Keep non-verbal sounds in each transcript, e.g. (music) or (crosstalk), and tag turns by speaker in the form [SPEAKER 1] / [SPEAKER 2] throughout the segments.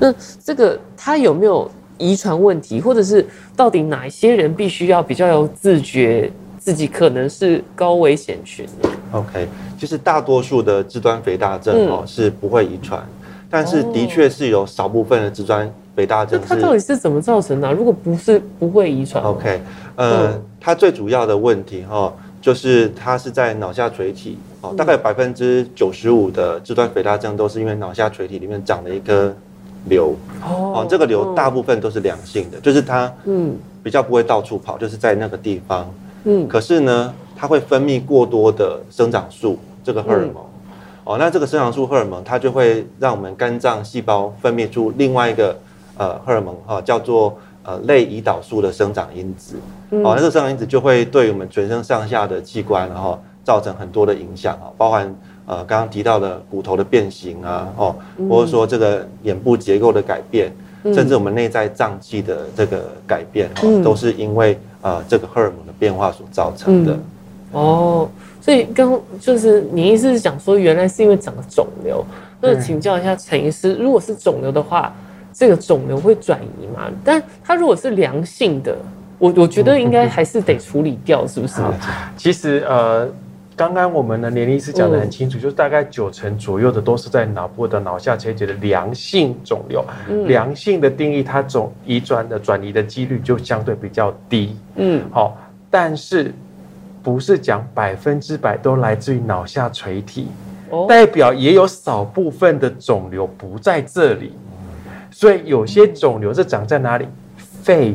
[SPEAKER 1] 那這個他有沒有遺傳問題，或者是到底哪一些人必須要
[SPEAKER 2] 比較有自覺，自己可能是高危險群？O、okay, K，其實大多數的肢端肥大症哦、喔嗯、是不會遺傳，但是的確是有少部分的肢端肥大症。哦、它到底是
[SPEAKER 1] 怎麼造成的、啊？如果不是不會遺傳？O K，呃，
[SPEAKER 2] 嗯、它最主要的問題哈、喔，就是它是在腦下垂體哦、喔，大概百分之九十五的肢端肥大症都是因為腦下垂體裡面長了一個瘤哦，這個瘤大部分都是良性的，哦、就是它嗯比較不會到處跑，嗯、就是在那個地方嗯。可是呢，它會分泌過多的生長素這個荷爾蒙、嗯、哦。那這個生長素荷爾蒙它就會讓我們肝臟細胞分泌出另外一個呃荷爾蒙哈、哦，叫做呃類胰島素的生長因子、嗯、哦。那這個生長因子就會對於我們全身上下的器官然後造成很多的影響啊、哦，包含。呃，剛剛提到的骨頭的變形啊，哦，嗯、或者說這個眼部結構的改變，嗯、甚至我們內在臟器的這個改變、哦，嗯、都是因為呃這個荷爾蒙的變化所造成的。嗯、
[SPEAKER 1] 哦，所以剛就是你意思是講說，原來是因為長了腫瘤？那請教一下陳醫師，嗯、如果是腫瘤的話，這個腫瘤會轉移嗎？但它如果是良性的，我我覺得應該還是得處理掉，是不是？嗯嗯嗯、
[SPEAKER 3] 其實呃。剛剛我們的年齡師講得很清楚，嗯、就是大概九成左右的都是在腦部的腦下垂體的良性腫瘤。嗯、良性的定義，它轉移轉的轉移的幾率就相對比較低。嗯，好，但是不是講百分之百都來自於腦下垂體？哦、代表也有少部分的腫瘤不在這裡，所以有些腫瘤是長在哪裡？肺，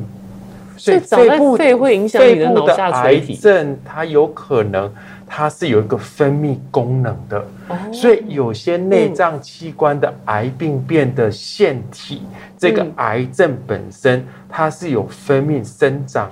[SPEAKER 3] 所以肺部所以長在肺
[SPEAKER 1] 會影響你的腦下垂體？肺部的癌
[SPEAKER 3] 症它有可能。它是有一個分泌功能的，oh, 所以有些內臟器官的癌病變的腺體，um, 這個癌症本身它是有分泌生長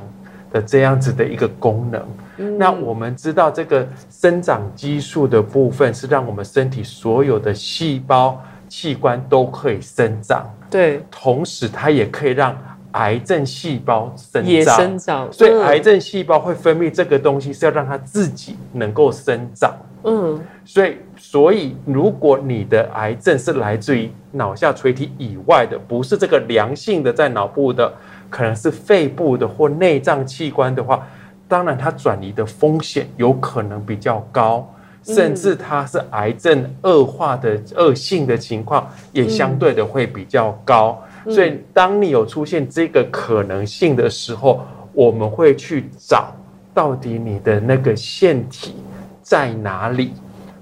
[SPEAKER 3] 的這樣子的一個功能。Um, 那我們知道，這個生長激素的部分是讓我們身體所有的細胞器官都可以生長，對，um, 同時它也可以讓。癌症細胞生長,生
[SPEAKER 1] 長，所以癌
[SPEAKER 3] 症細胞會分泌這個東西，是要讓它自己能夠生長嗯。
[SPEAKER 1] 嗯，
[SPEAKER 3] 所以所以如果你的癌症是來自於腦下垂體以外的，不是這個良性的在腦部的，可能是肺部的或內臟器官的話，當然它轉移的風險有可能比較高，
[SPEAKER 4] 甚至
[SPEAKER 3] 它是癌症惡化的惡性的情況，也相對的會比較高。嗯嗯所以，當你有出現這個可能性的時候，嗯、我們會去找到底你的那個腺體在哪裡。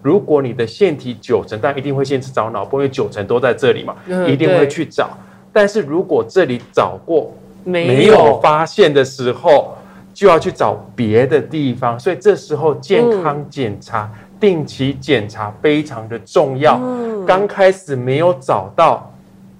[SPEAKER 3] 如果你的腺體九成，但一定會先去找腦部，因為九成都在這裡嘛，嗯、一定會去找。對但是如果這裡找過沒有發現的時候，就要去找別的地方。所以，這時候健康檢查、嗯、定期檢查非常的重要。剛、嗯、開始沒有找到。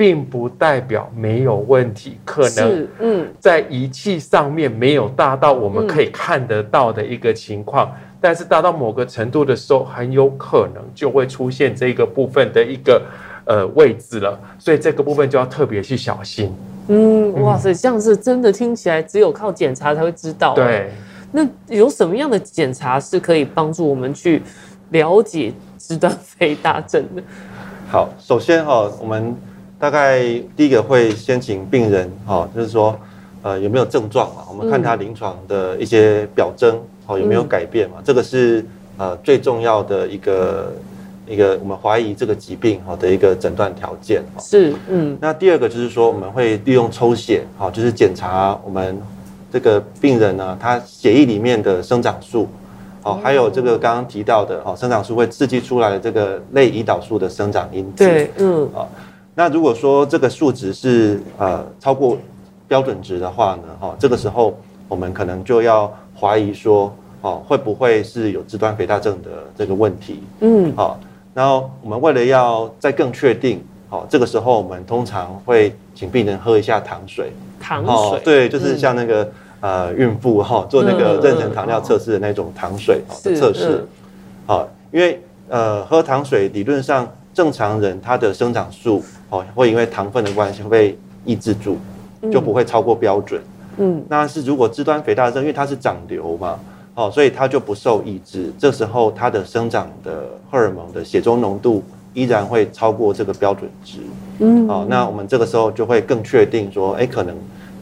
[SPEAKER 3] 並不代表沒有問題，可能嗯，在儀器上面沒有大到我們可以看得到的一個情況，是嗯、但是大到某個程度的時候，很有可能就會出現這個部分的一個呃位置了，所以這個部分就要特別去小心。
[SPEAKER 1] 嗯，哇塞，嗯、這樣子真的聽起來只有靠檢查才會知道、啊。對，那有什麼樣的檢查是可以幫助我們去了解肢端肥大症的？
[SPEAKER 2] 好，首先哈、哦，我們。大概第一個會先請病人哈，就是說，呃，有沒有症狀嘛？我們看他臨床的一些表徵，好，有沒有改變嘛？這個是呃最重要的一個一個我們懷疑這個疾病哈的一個診斷條件。是，嗯。那第二個就是說，我們會利用抽血，好，就是檢查我們這個病人呢，他血液裡面的生長素，好，還有這個剛剛提到的，好，生長素會刺激出來的這個類胰島素的生長因子。對，嗯，好。那如果說這個數值是呃超過標準值的話呢，哈、喔，這個時候我們可能就要懷疑說，哦、喔，會不會是有肢端肥大症的這個問題？嗯，好、喔，然後我們為了要再更確定，哦、喔，這個時候我們通常會請病人喝一下糖水，糖水、喔，對，就是像那個、嗯、呃孕婦哈、喔、做那個妊娠糖尿測試的那種糖水的測試，好，嗯、因為呃喝糖水理論上，正常人他的生長素哦，會因為糖分的關係會被抑制住，
[SPEAKER 4] 就不會
[SPEAKER 2] 超過標準。嗯，嗯，那是如果肢端肥大症，因為它是長瘤嘛，哦，所以它就不受抑制。這時候它的生長的荷爾蒙的血中濃度依然會超過這個標準值。嗯，哦，那我們這個時候就會更確定說，誒、欸，可能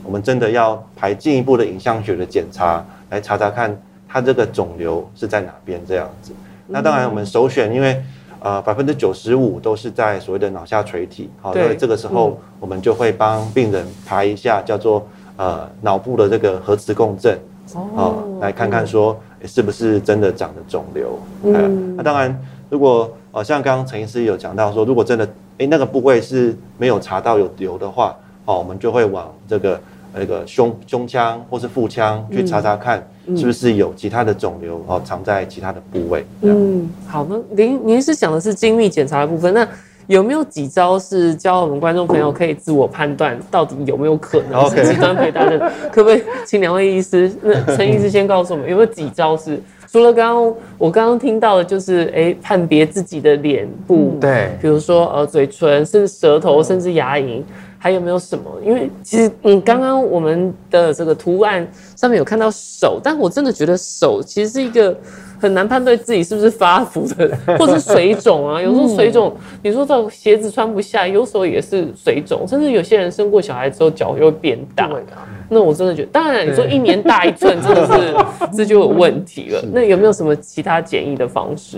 [SPEAKER 2] 我們真的要排進一步的影像學的檢查來查查看它這個腫瘤是在哪邊這樣子。那當然我們首選因為。呃，百分之九十五都是在所謂的腦下垂體，好對，那、喔、這個時候我們就會幫病人排一下叫做、嗯、呃腦部的這個核磁共振，好、哦喔，來看看說是不是真的長了腫瘤。嗯，那、嗯啊、當然，如果好、呃、像剛剛陳醫師有講到說，如果真的哎、欸、那個部位是沒有查到有瘤的話，好、喔、我們就會往這個。那個胸胸腔或是腹腔去查查看，是不是有其他的腫瘤哦，藏在其他的部位
[SPEAKER 1] 嗯？嗯，好，那您您是想的是精密檢查的部分，那有沒有幾招是教我們觀眾朋友可以自我判斷，到底有沒有可能是？可肢端肥大症的，可不可以請兩位醫師？嗯、那陳醫師先告訴我們，有沒有幾招是除了剛剛我剛剛聽到的，就是哎、欸、判別自己的臉部、嗯，對，比如說呃嘴唇，甚至舌頭，甚至牙齦。還有沒有什麼？因為其實，嗯，剛剛我們的這個圖案上面有看到手，但我真的覺得手其實是一個很難判斷自己是不是發福的，或者是水腫啊。有時候水腫，你、嗯、說到鞋子穿不下，有時候也是水腫。甚至有些人生過小孩之後腳又會變大，嗯、那我真的覺得，當然你說一年大一寸，真的是這、嗯、 (laughs) 就有問題了。那有沒有什麼其他簡易的方式？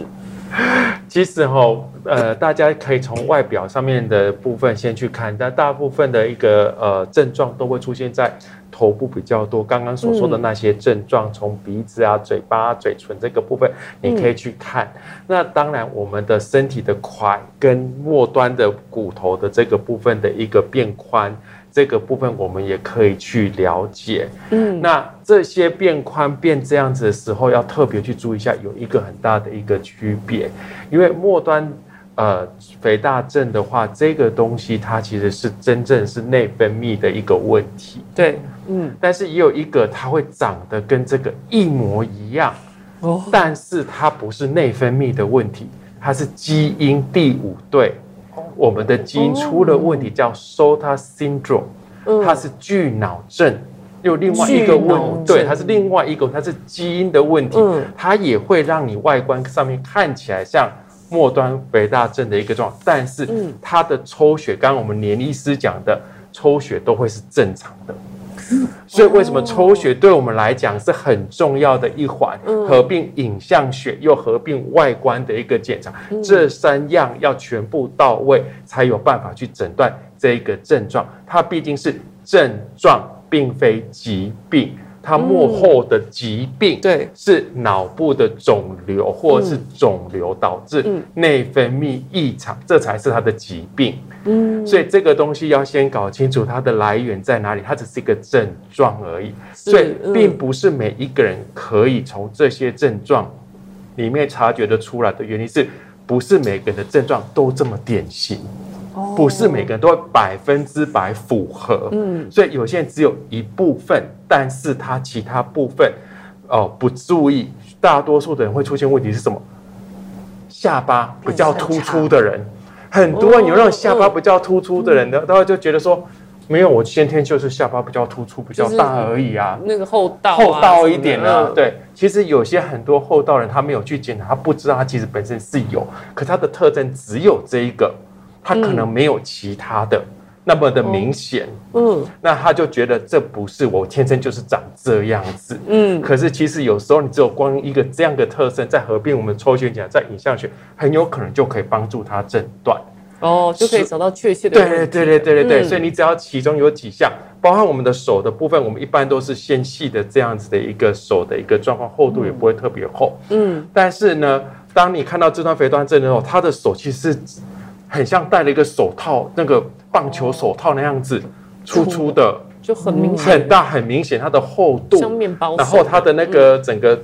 [SPEAKER 3] 其實吼、哦，呃，大家可以從外表上面的部分先去看，但大部分的一個呃症狀都會出現在。頭部比較多，剛剛所說的那些症狀，從、嗯、鼻子啊、嘴巴啊、嘴唇這個部分，你可以去看。嗯、那當然，我們的身體的塊跟末端的骨頭的這個部分的一個變寬，這個部分我們也可以去了解。嗯，那這些變寬變這樣子的時候，要特別去注意一下，有一個很大的一個區別，因為末端呃肥大症的話，這個東西它其實是真正是內分泌的一個問題。對。嗯，但是也有一個，它會長得跟這個一模一樣，哦，但是它不是內分泌的問題，它是基因第五對，我們的基因出了問題，叫 Sotos syndrome，它是巨腦症，又另外一個問題對，它是另外一個，它是基因的問題，它也會讓你外觀上面看起來像末端肥大症的一個狀，但是它的抽血，剛剛我們粘醫師講的抽血都會是正常的。所以為什麼抽血對我們來講是很重要的一環？合併影像、血又合併外觀的一個檢查，這三樣要全部到位，才有辦法去診斷這個症狀。它畢竟是症狀，並非疾病。他幕後的疾病，嗯，對，是腦部的腫瘤，或者是腫瘤導致內分泌異常，嗯嗯，這才是他的疾病。嗯，所以這個東西要先搞清楚它的來源在哪裡，它只是一個症狀而已。是所以並不是每一個人可以從這些症狀裡面察覺得出來的原因是，是不是每個人的症狀都這麼典型？不是每個人都會百分之百符合，哦、嗯，所以有些人只有一部分，但是他其他部分哦、呃、不注意。大多數的人會出現問題是什麼？下巴比較突出的人
[SPEAKER 2] 很多啊，哦、你讓下巴
[SPEAKER 3] 比較突出的人，呢，都、哦哦、就覺得說，沒有，我先天就是下巴比較突出，嗯、比較大而已啊，那個
[SPEAKER 1] 厚道、啊、厚道一點呢、啊？啊、
[SPEAKER 3] 對，其實有些很多厚道人，他沒有去檢查，他不知道他其實本身是有，可他的特徵只有這一個。他可能沒有其他的、嗯、那麼的明顯、哦，嗯，那他就覺得這不是，我天生就是長這樣子，嗯，可是其實有時候你只有光一個這樣的特徵，再合併我們抽血檢查、在影像學很有可能就可以幫助他診斷，
[SPEAKER 1] 哦，就可以找到確切的，對對對對對對，嗯、所以，你
[SPEAKER 3] 只要其中有幾項，包括我們的手的部分，我們一般都是纖細的這樣子的一個手的一個狀況，厚度也不會特別厚，嗯，嗯，但是呢，當你看到肢端肥大症的時候，他的手其實是。很像戴了一個手套，那個棒球手套那樣子，粗粗的，粗的
[SPEAKER 1] 就很明顯很
[SPEAKER 3] 大，很明顯它的厚度，
[SPEAKER 1] 像麵包，然後它的那個
[SPEAKER 3] 整個、嗯、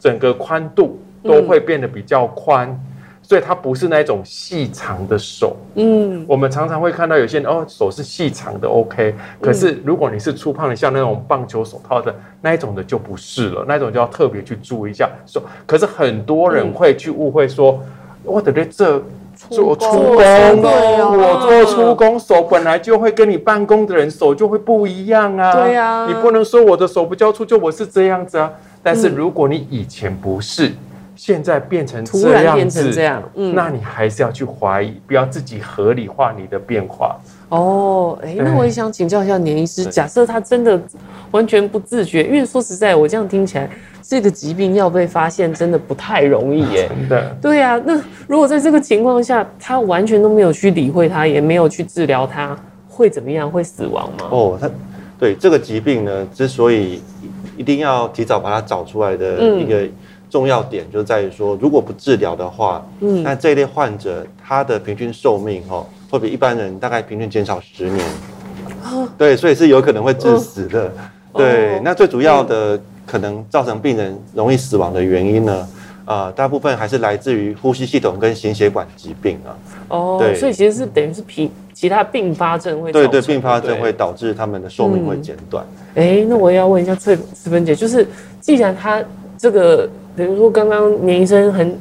[SPEAKER 3] 整個寬度都會變得比較寬，嗯、所以它不是那種細長的手。嗯，我們常常會看到有些人哦，手是細長的，OK。可是如果你是粗胖的，嗯、像那種棒球手套的那一種的就不是了，那一種就要特別去注意一下手。可是很多人會去誤會說，嗯哦、我的這。做粗工，我做粗工，手本來就會跟你辦公的人手就會不一樣啊。對呀、啊，你不能說我的手不叫粗工，我是這樣子啊。但是如果你以前不是，嗯、現在變成這樣子，變成這樣，嗯、那你還是要去懷疑，不要自己合理化你的變化。
[SPEAKER 1] 哦，哎、欸，那我也想請教一下粘醫師，嗯、假設他真的完全不自覺，對因為說實在，我這樣聽起來，這個疾病要被發現真的不太容易耶。啊、真的對，對呀，那如果在這個情況下，他完全都沒有去理會他，也沒有去治療他，會怎麼樣？會死亡嗎？哦，他
[SPEAKER 2] 對這個疾病呢，之所以一定要提早把它找出來的一個重要點，就在於說，如果不治療的話，嗯，那這一類患者，他的平均壽命哈、哦。會比一般人大概平均減少十年，對，所以是有可能會致死的。哦、對，哦、那最主要的可能造成病人容易死亡的原因呢？啊、呃，大部分還是來自於呼吸系統跟心血管疾病啊。哦，對，所以
[SPEAKER 1] 其實是等於是病其他併發症會，對，對對，併發症會
[SPEAKER 2] 導致他們的壽命會減短。
[SPEAKER 1] 哎、嗯對欸，那我也要問一下翠芬姐，就是既然他這個，比如說剛剛粘醫生很，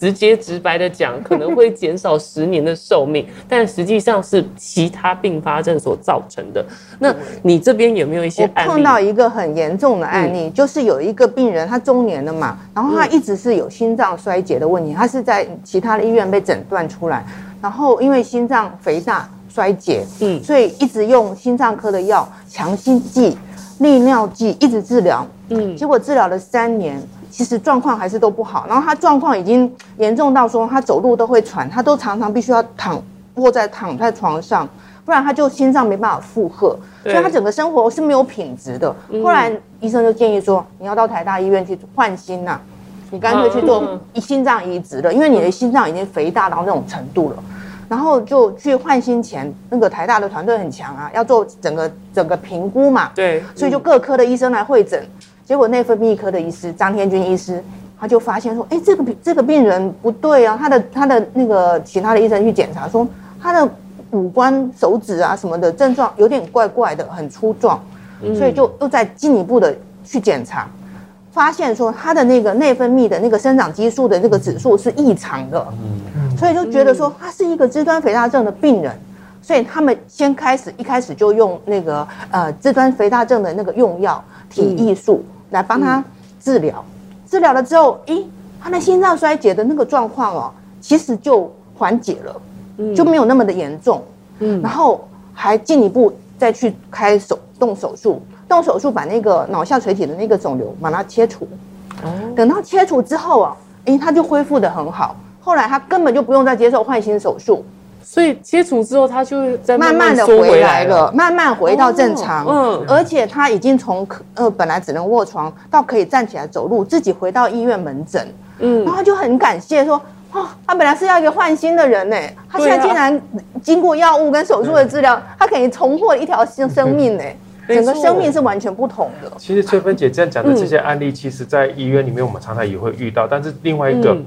[SPEAKER 1] 直接直白的講，可能會減少十年的壽命， (laughs) 但實際上是其他併發症所造成的。嗯、那你這邊有沒有一些案例？我碰到
[SPEAKER 4] 一個很嚴重的案例，嗯、就是有一個病人，他中年了嘛，然後他一直是有心臟衰竭的問題，嗯、他是在其他的醫院被診斷出來，然後因為心臟肥大衰竭，嗯，所以一直用心臟科的藥，強心劑、利尿劑一直治療，嗯，結果治療了三年。其實狀況還是都不好，然後他狀況已經嚴重到說他走路都會喘，他都常常必須要躺臥在躺在床上，不然他就心臟沒辦法負荷，對，所以他整個生活是沒有品質的。嗯，後來醫生就建議說，你要到台大醫院去換心吶、啊，你乾脆去做心臟移植了，嗯，因為你的心臟已經肥大到那種程度了。然後就去換心前，那個台大的團隊很強啊，要做整個整個評估嘛，對，所以就各科的醫生來會診。結果內分泌科的醫師張天軍醫師，他就發現說：“哎，這個這個病人不對啊，他的他的那個其他的醫生去檢查說，說他的五官、手指啊什麼的症狀有點怪怪的，很粗壯，所以就又再進一步的去檢查，發現說他的那個內分泌的那個生長激素的那個指數是異常的，所以就覺得說他是一個肢端肥大症的病人，所以他們先開始一開始就用那個呃肢端肥大症的那個用藥體抑素。嗯來幫他治療，嗯、治療了之後，誒、欸，他的心臟衰竭的那個狀況哦，其實就緩解了，嗯、就沒有那麼的嚴重。嗯，然後還進一步再去開手動手術，動手術把那個腦下垂體的那個腫瘤把它切除。哦、等到切除之後啊，誒、欸，他就恢復得很好。後來他根本就不用再接受換心手術。所以切除之後，他就在慢慢的回來了，慢慢回到正常。哦、嗯，而且他已經從呃本來只能臥床，到可以站起來走路，自己回到醫院門診。嗯，然後他就很感謝說，哦，他本來是要一個換心的人呢、欸，他現在竟然經過藥物跟手術的治療，嗯、他可以重獲一條新生命呢、欸，嗯嗯、整個生命是完全不同的。嗯
[SPEAKER 3] 嗯、其實翠芬姐這樣講的這些案例，其實在醫院裡面我們常常也會遇到，嗯、但是另外一個，嗯、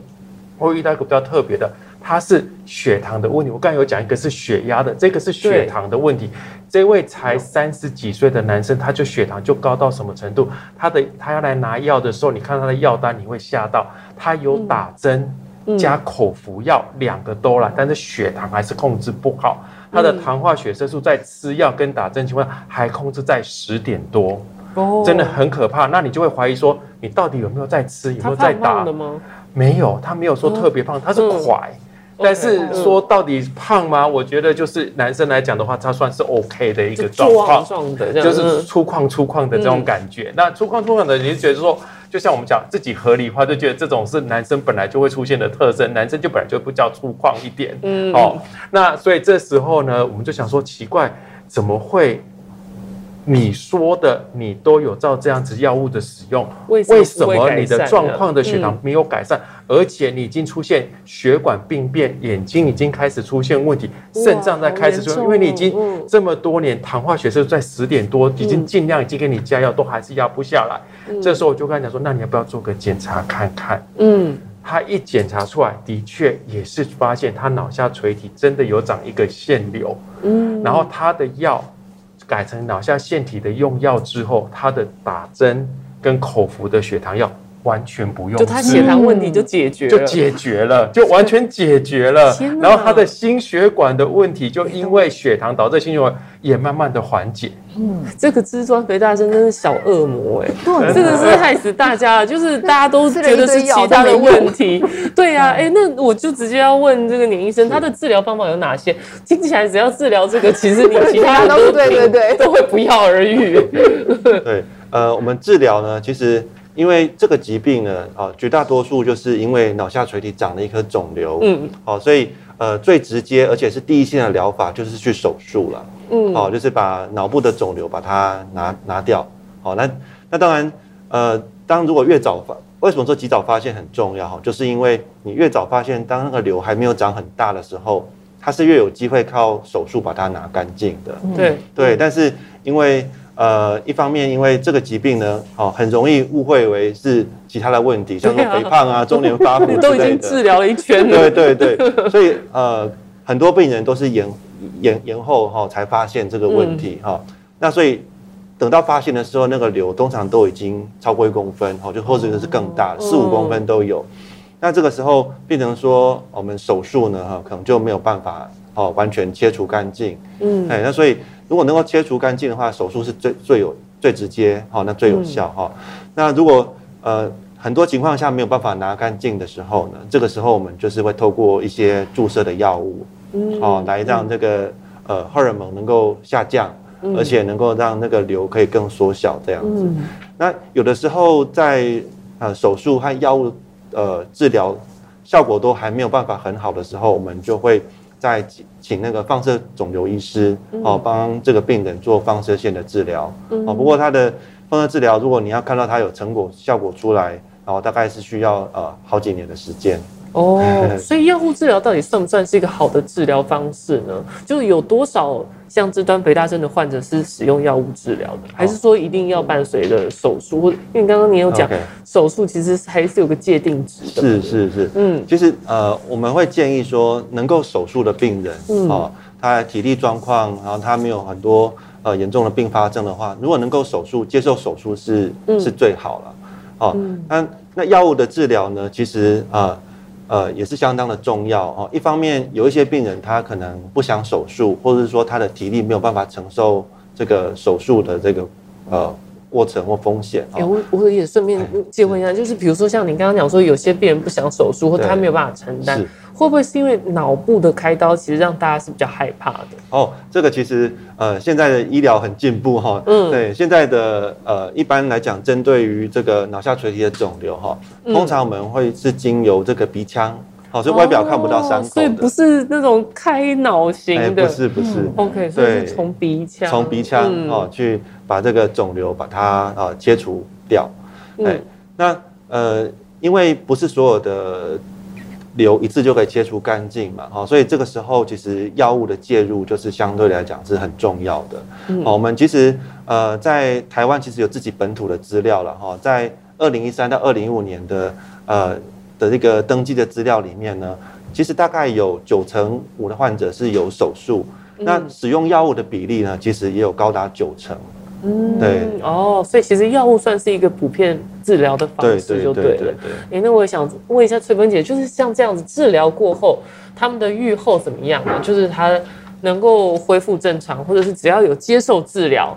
[SPEAKER 3] 我會遇到一個比較特別的。他是血糖的問題，我剛才有講一個是血壓的，這個是血糖的問題。對這位才三十幾歲的男生，他就血糖就高到什麼程度？他的他要來拿藥的時候，你看他的藥單，你會嚇到，他有打針、嗯、加口服藥兩個都來了，嗯、但是血糖還是控制不好。他的糖化血色素在吃藥跟打針情況下還控制在十點多，哦、真的很可怕。那你就會懷疑說，你到底有沒有在吃？有沒有在打？胖胖的嗎？沒有，他沒有說特別胖，嗯、他是快、欸。嗯但是說到底胖嗎？Okay, um, 我覺得就是男生來講的話，他算是 OK 的一個狀況，就,就是粗獷粗獷的這種感覺。嗯、那粗獷粗獷的，你就覺得說，就像我們講自己合理化，就覺得這種是男生本來就會出現的特徵，男生就本來就比較粗獷一點。嗯，哦，那所以這時候呢，我們就想說奇怪，怎麼會？你說的你都有照這樣子藥物的使用，
[SPEAKER 1] 為什，為什麼你的狀況的血糖
[SPEAKER 3] 沒有改善，嗯、而且你已經出現血管病變，眼睛已經開始出現問題，腎臟哇在開始出現，因為你已經這麼多年、嗯、糖化血色在十點多，已經盡量已經給你加藥都還是壓不下來，嗯、這時候我就跟他講說，那你要不要做個檢查看看？嗯，他一檢查出來，的確也是發現他腦下垂體真的有長一個腺瘤，嗯，然後他的藥，改成腦下腺體的用藥之後，它的打針跟口服的血糖藥，完全不用，就他血糖問題就解決，是嗯、就解決了，就完全解決了。天哪 然後他的心血管的問題，就因為血糖導致心血管也慢慢的緩解。嗯，
[SPEAKER 1] 這個肢端肥大症真的是小惡魔哎，這個是害死大家了。就是大家都覺得是其他的問題，對呀，哎，那我就直接要問這個粘醫生，他的治療方法有哪些？聽起來只要治療這個，其實你其他都， (laughs) 都對對對都會不
[SPEAKER 2] 藥而癒。欸。對，呃，我們治療呢，其實。因為這個疾病呢，啊、呃，絕大多數就是因為腦下垂體長了一顆腫瘤，嗯，好、哦，所以呃，最直接而且是第一線的療法就是去手術了，嗯，好、哦，就是把腦部的腫瘤把它拿拿掉，好、哦，那那當然，呃，當如果越早發，為什麼說及早發現很重要？就是因為你越早發現，當那個瘤還沒有長很大的時候，它是越有機會靠手術把它拿乾淨的，嗯、對對，但是因為。呃，一方面因為這個疾病呢、哦，很容易誤會為是其他的問題，啊、像說肥胖啊、中年發福 (laughs) 都已經治療了一圈了 (laughs) 對。對對對，所以呃，很多病人都是延延延後哈、哦、才發現這個問題哈、嗯哦。那所以等到發現的時候，那個瘤通常都已經超過一公分，哦、就後者的是更大四五公分都有。哦、那這個時候變成說我們手術呢，哈、哦，可能就沒有辦法哦完全切除乾淨。嗯，那所以。如果能夠切除乾淨的話，手術是最最有最直接哈、哦，那最有效哈。哦嗯、那如果呃很多情況下沒有辦法拿乾淨的時候呢，這個時候我們就是會透過一些注射的藥物，嗯、哦來讓這、那個、嗯、呃荷爾蒙能夠下降，嗯、而且能夠讓那個瘤可以更縮小這樣子。嗯、那有的時候在呃手術和藥物呃治療效果都還沒有辦法很好的時候，我們就會。再請那個放射腫瘤醫師哦，幫、喔、這個病人做放射線的治療哦、嗯喔。不過他的放射治療，如果你要看到他有成果、效果出來，然後、喔、大概是需要呃好幾年的時間。
[SPEAKER 1] 哦，oh, (laughs) 所以藥物治療到底算不算是一個好的治療方式呢？就是有多少像肢端肥大症的患者是使用藥物治療的，還是說一定要伴隨着手術？Oh. 因為剛剛你有講手術，其實還是有個界定值的。是是 Okay. 是，
[SPEAKER 2] 是是嗯，其實呃，我們會建議說，能夠手術的病人啊、嗯哦，他體力狀況，然後他沒有很多呃嚴重的并發症的話，如果能夠手術，接受手術是、嗯、是最好了。哦，嗯、那那藥物的治療呢，其實啊。呃呃，也是相當的重要哦。一方面，有一些病人他可能不想手術，或者是說他的體力沒有辦法承受這個手術的這個呃。過程或風險，哎、欸，
[SPEAKER 1] 我我也順便借問一下，是就是比如說像您剛剛講說，有些病人不想手術，或他沒有辦法承擔，會不會是因為腦部的開刀，其實讓大家是比較害怕的？
[SPEAKER 2] 哦，這個其實呃，現在的醫療很進步哈，嗯，對，現在的呃，一般來講，針對於這個腦下垂體的腫瘤哈，通常我們會是經由這個鼻腔。所以外表看不到傷口，哦，所以
[SPEAKER 1] 不是那種開腦型的，不是、欸、不是。所以是從，嗯 okay, 從鼻腔，從鼻腔，嗯、哦
[SPEAKER 2] 去把這個腫瘤把它啊、哦、切除掉。哎、嗯、那呃，因為不是所有的瘤一次就可以切除乾淨嘛，哈、哦，所以這個時候其實藥物的介入就是相對來講是很重要的。嗯、哦，我們其實呃在台灣其實有自己本土的資料了哈、哦，在二零一三到二零一五年的呃。嗯的這個登記的資料裡面呢，其實大概有九成五的患者是有手術，嗯、那使用藥物的比例呢，其實也有高達九成。
[SPEAKER 1] 嗯，對哦，所以其實藥物算是一個普遍治療的方式就
[SPEAKER 2] 對
[SPEAKER 1] 了。哎，那我也想問一下翠芬姐，就是像這樣子治療過後，他們的預後怎麼樣呢？就是他能夠恢復正常，或者是只要有接受治療？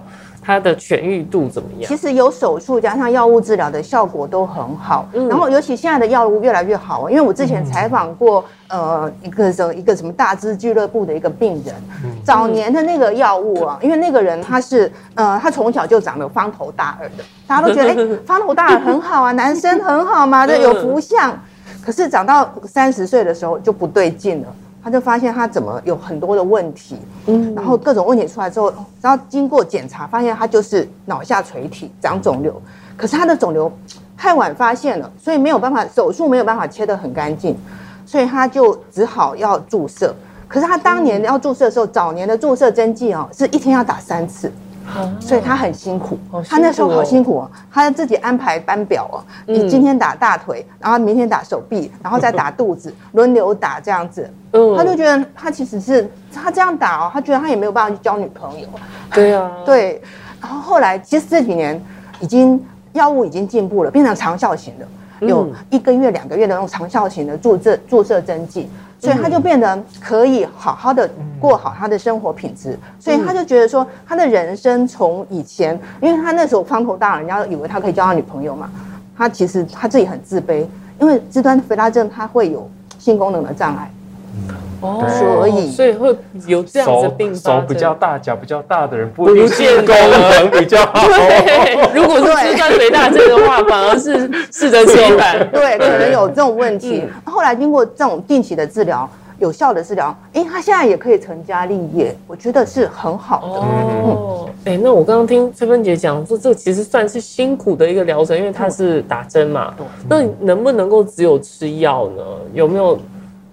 [SPEAKER 1] 它的痊癒度怎麼樣？其實
[SPEAKER 4] 有手術加上藥物治療的效果都很好。嗯、然後尤其現在的藥物越來越好、啊，因為我之前採訪過，嗯、呃，一個什一個什麼大支俱樂部的一個病人，嗯、早年的那個藥物啊，嗯、因為那個人他是呃，他從小就長得方頭大耳的，大家都覺得 (laughs) 哎，方頭大耳很好啊，男生很好嘛，這 (laughs) 有福相。嗯、可是長到三十歲的時候就不對勁了。他就發現他怎麼有很多的問題，嗯，然後各種問題出來之後，然後經過檢查發現他就是腦下垂體長腫瘤，可是他的腫瘤太晚發現了，所以沒有辦法手術，沒有辦法切得很乾淨，所以他就只好要注射。可是他當年要注射的時候，嗯、早年的注射針劑哦，是一天要打三次。啊、所以他很辛苦，辛苦哦、他那時候好辛苦哦，他自己安排班表哦，你、嗯、今天打大腿，然後明天打手臂，然後再打肚子，輪 (laughs) 流打這樣子。嗯，他就覺得他其實是他這樣打哦，他覺得他也沒有辦法去交女朋友。對啊，對。然後後來其實這幾年已經藥物已經進步了，變成長效型的。有一個月、兩個月的那種長效型的注射注射針劑，所以他就變得可以好好的過好他的生活品質，所以他就覺得說，他的人生從以前，因為他那時候方頭大耳，人家以為他可以交到女朋友嘛，他其實他自己很自卑，因為肢端肥大症他會有性功能的障礙。嗯
[SPEAKER 3] 哦，所以所以會有這樣的病，手比較大、腳比較大
[SPEAKER 1] 的人不不見功能比較
[SPEAKER 3] 好。對，如果是肢端肥大症的話，反
[SPEAKER 4] 而是適得其反。對，可能有這種問題。後來經過這種定期的治療、有效的治療，哎，他現在也可以成家立業，我覺得是很好的。
[SPEAKER 1] 哦，哎，那我剛剛聽翠芬姐講說，這個其實算是辛苦的一個療程，因為他是打針嘛。對。那能不能夠只有吃藥呢？有沒有？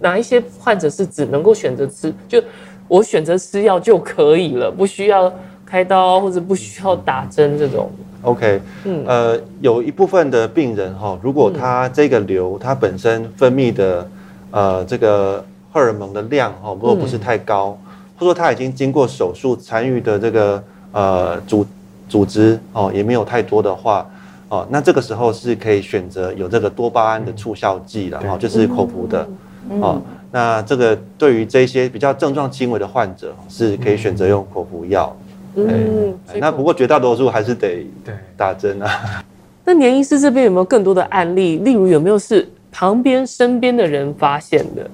[SPEAKER 1] 哪一些患者是只能夠選擇吃？就我選擇吃藥就可以了，不需要開刀或者不需要打針這種。
[SPEAKER 2] OK，嗯，呃，有一部分的病人哈，如果他這個瘤它本身分泌的呃這個荷爾蒙的量哈，如果不是太高，嗯、或者說他已經經過手術，殘餘的這個呃組組織哦也沒有太多的話哦，那這個時候是可以選擇有這個多巴胺的促效劑的哈，嗯、就是口服的。嗯嗯、哦，那這個對於這些比較症狀輕微的患者，是可以選擇用口服藥。嗯，
[SPEAKER 1] 欸、嗯，那
[SPEAKER 2] 不過絕大多數還是得對打針啊。對
[SPEAKER 1] (laughs) 那粘醫師這邊有沒有更多的案例？例如有沒有是旁邊、身邊的人發現的？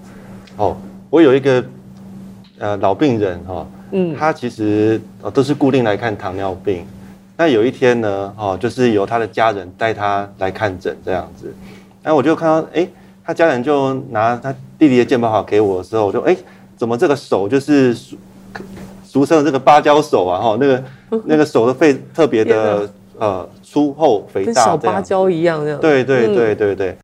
[SPEAKER 2] 哦，我有一個呃老病人哈，哦、嗯，他其實都是固定來看糖尿病。那有一天呢，哦，就是由他的家人帶他來看診這樣子，那我就看到哎。欸他家人就拿他弟弟的劍拔好給我的時候，我就哎、欸，怎麼這個手就是俗俗稱的這個芭蕉手啊？齁，那個那個手的肺特別的 (laughs) 呃粗厚肥大，跟小芭
[SPEAKER 1] 蕉一樣這樣。對對對
[SPEAKER 2] 對對。嗯